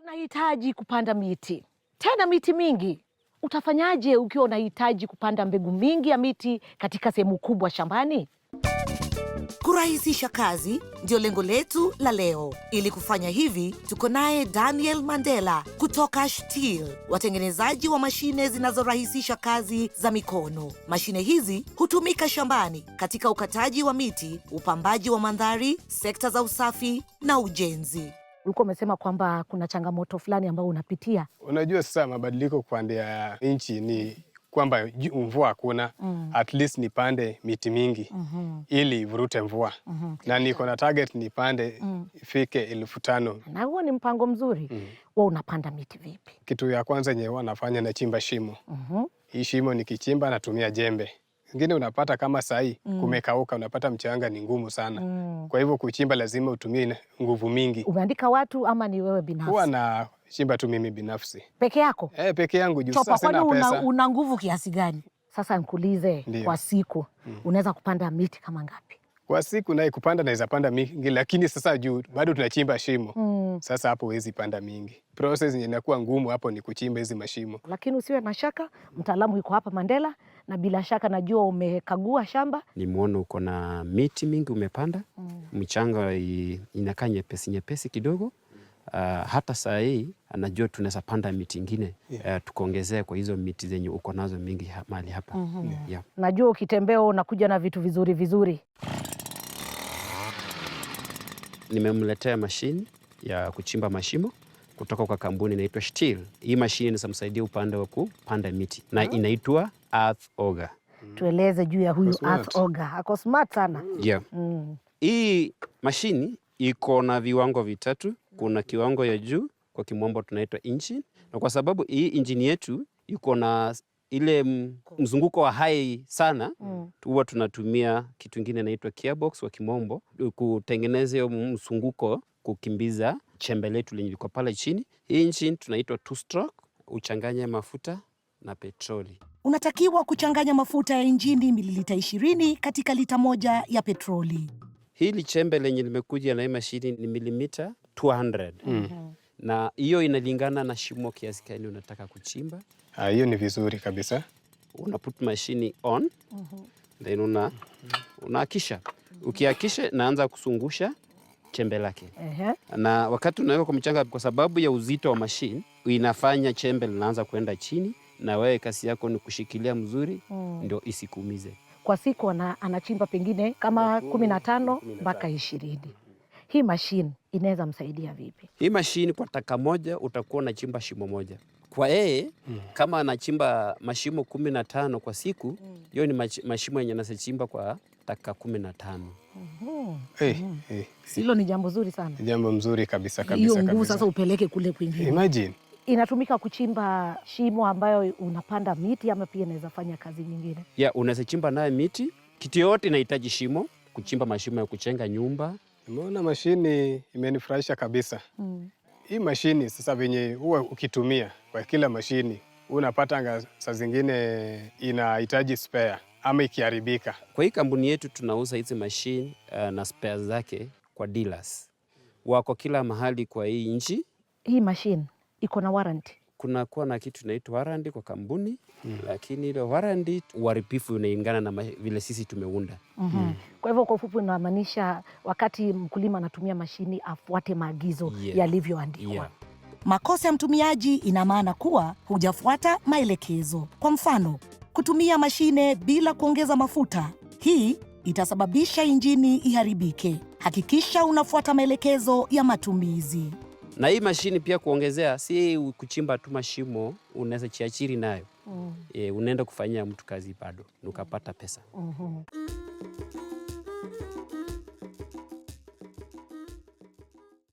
Tunahitaji kupanda miti tena, miti mingi. Utafanyaje ukiwa unahitaji kupanda mbegu mingi ya miti katika sehemu kubwa shambani? Kurahisisha kazi ndio lengo letu la leo. Ili kufanya hivi, tuko naye Daniel Mandela kutoka STIHL, watengenezaji wa mashine zinazorahisisha kazi za mikono. Mashine hizi hutumika shambani katika ukataji wa miti, upambaji wa mandhari, sekta za usafi na ujenzi ulikuwa umesema kwamba kuna changamoto fulani ambayo unapitia. Unajua sasa mabadiliko kupande ya nchi ni kwamba mvua hakuna mm. At least nipande miti mingi mm -hmm. ili ivurute mvua mm -hmm. na niko na target nipande mm. ifike elfu tano na huo ni mpango mzuri mm. wa unapanda miti vipi? Kitu ya kwanza nyewe wanafanya nachimba shimo mm -hmm. Hii shimo nikichimba natumia jembe wengine unapata kama sahii mm. kumekauka, unapata mchanga ni ngumu sana mm. kwa hivyo kuchimba lazima utumie nguvu mingi. Umeandika watu ama ni wewe binafsi? Huwa na chimba tu mimi binafsi peke yako? E, peke yangu juu sasa sina pesa. Una, una nguvu kiasi gani? Sasa nikuulize kwa siku mm. unaweza kupanda miti kama ngapi? Kwa siku naye kupanda naweza panda mingi, lakini sasa juu bado tunachimba shimo mm. Sasa hapo huwezi panda mingi, process inakuwa ngumu hapo ni kuchimba hizi mashimo, lakini usiwe na shaka, mtaalamu yuko hapa Mandela na bila shaka najua umekagua shamba, nimeona uko na miti mingi umepanda mm. Mchanga inakaa nyepesi nyepesi kidogo uh, hata saa hii anajua tunaweza panda miti ingine yeah. Uh, ah, tukuongezea kwa hizo miti zenye uko nazo mingi mahali hapa mm -hmm. yeah. Yeah. Najua ukitembea unakuja na vitu vizuri vizuri. Nimemletea mashini ya kuchimba mashimo kutoka kwa kampuni inaitwa Steel. Hii mashine inasaidia upande wa kupanda miti na inaitwa Earth Auger. Tueleze juu ya huyu Earth Auger. Ako smart sana. Yeah. Mm. Hii mashini iko na viwango vitatu. Kuna kiwango ya juu, kwa kimombo tunaitwa engine, na kwa sababu hii engine yetu iko na ile mzunguko wa hai sana mm. huwa mm. tunatumia kitu ingine inaitwa gearbox wa kimombo kutengeneza hiyo mzunguko, kukimbiza chembe letu lenye liko pale chini. Hii engine tunaitwa two stroke, uchanganye mafuta na petroli. Unatakiwa kuchanganya mafuta ya injini mililita ishirini katika lita moja ya petroli. Hili chembe lenye limekuja na hii mashini ni milimita 200. mm. mm na hiyo inalingana na shimo kiasi gani unataka kuchimba. Ah, hiyo ni vizuri kabisa. Una put machine on mm -hmm. Then una unaakisha, ukiakisha naanza kusungusha chembe lake uh -huh. Na wakati unaweka kwa mchanga, kwa sababu ya uzito wa mashine inafanya chembe linaanza kwenda chini, na wewe kasi yako ni kushikilia mzuri mm. Ndio isikuumize. Kwa siku anachimba pengine kama kumi na tano mpaka ishirini hii machine inaweza msaidia vipi? Hii mashini kwa taka moja utakuwa unachimba shimo moja kwa yeye hmm. Kama anachimba mashimo kumi na tano kwa siku hmm. hiyo hmm. Ni mashimo yenye anachimba kwa taka kumi na tano hey, eh, eh, eh. hey, Ni jambo zuri sana, jambo mzuri kabisa kabisa. Hiyo nguvu sasa upeleke kule kwingine, imagine inatumika kuchimba shimo ambayo unapanda miti ama pia inaweza fanya kazi nyingine yeah, unaweza chimba naye miti. Kitu yote inahitaji shimo, kuchimba mashimo ya kuchenga nyumba Umeona mashini imenifurahisha kabisa mm. Hii mashini sasa venye huwa ukitumia kwa kila mashini unapata saa zingine inahitaji spare ama ikiharibika. Kwa hii kampuni yetu tunauza hizi mashini uh, eh, na spare zake kwa dealers wako kila mahali kwa hii nchi. Hii mashini iko na warranty kunakuwa na kitu inaitwa warandi kwa kampuni mm. Lakini ile warandi uharibifu unaingana na vile sisi tumeunda mm -hmm. mm. Kwa hivyo kwa ufupi unamaanisha wakati mkulima anatumia mashini afuate maagizo yeah. yalivyoandikwa yeah. Makosa ya mtumiaji ina maana kuwa hujafuata maelekezo. Kwa mfano, kutumia mashine bila kuongeza mafuta, hii itasababisha injini iharibike. Hakikisha unafuata maelekezo ya matumizi na hii mashini pia kuongezea, si kuchimba tu mashimo, unaweza chiachiri nayo mm. E, unaenda kufanyia mtu kazi bado ukapata pesa mm -hmm.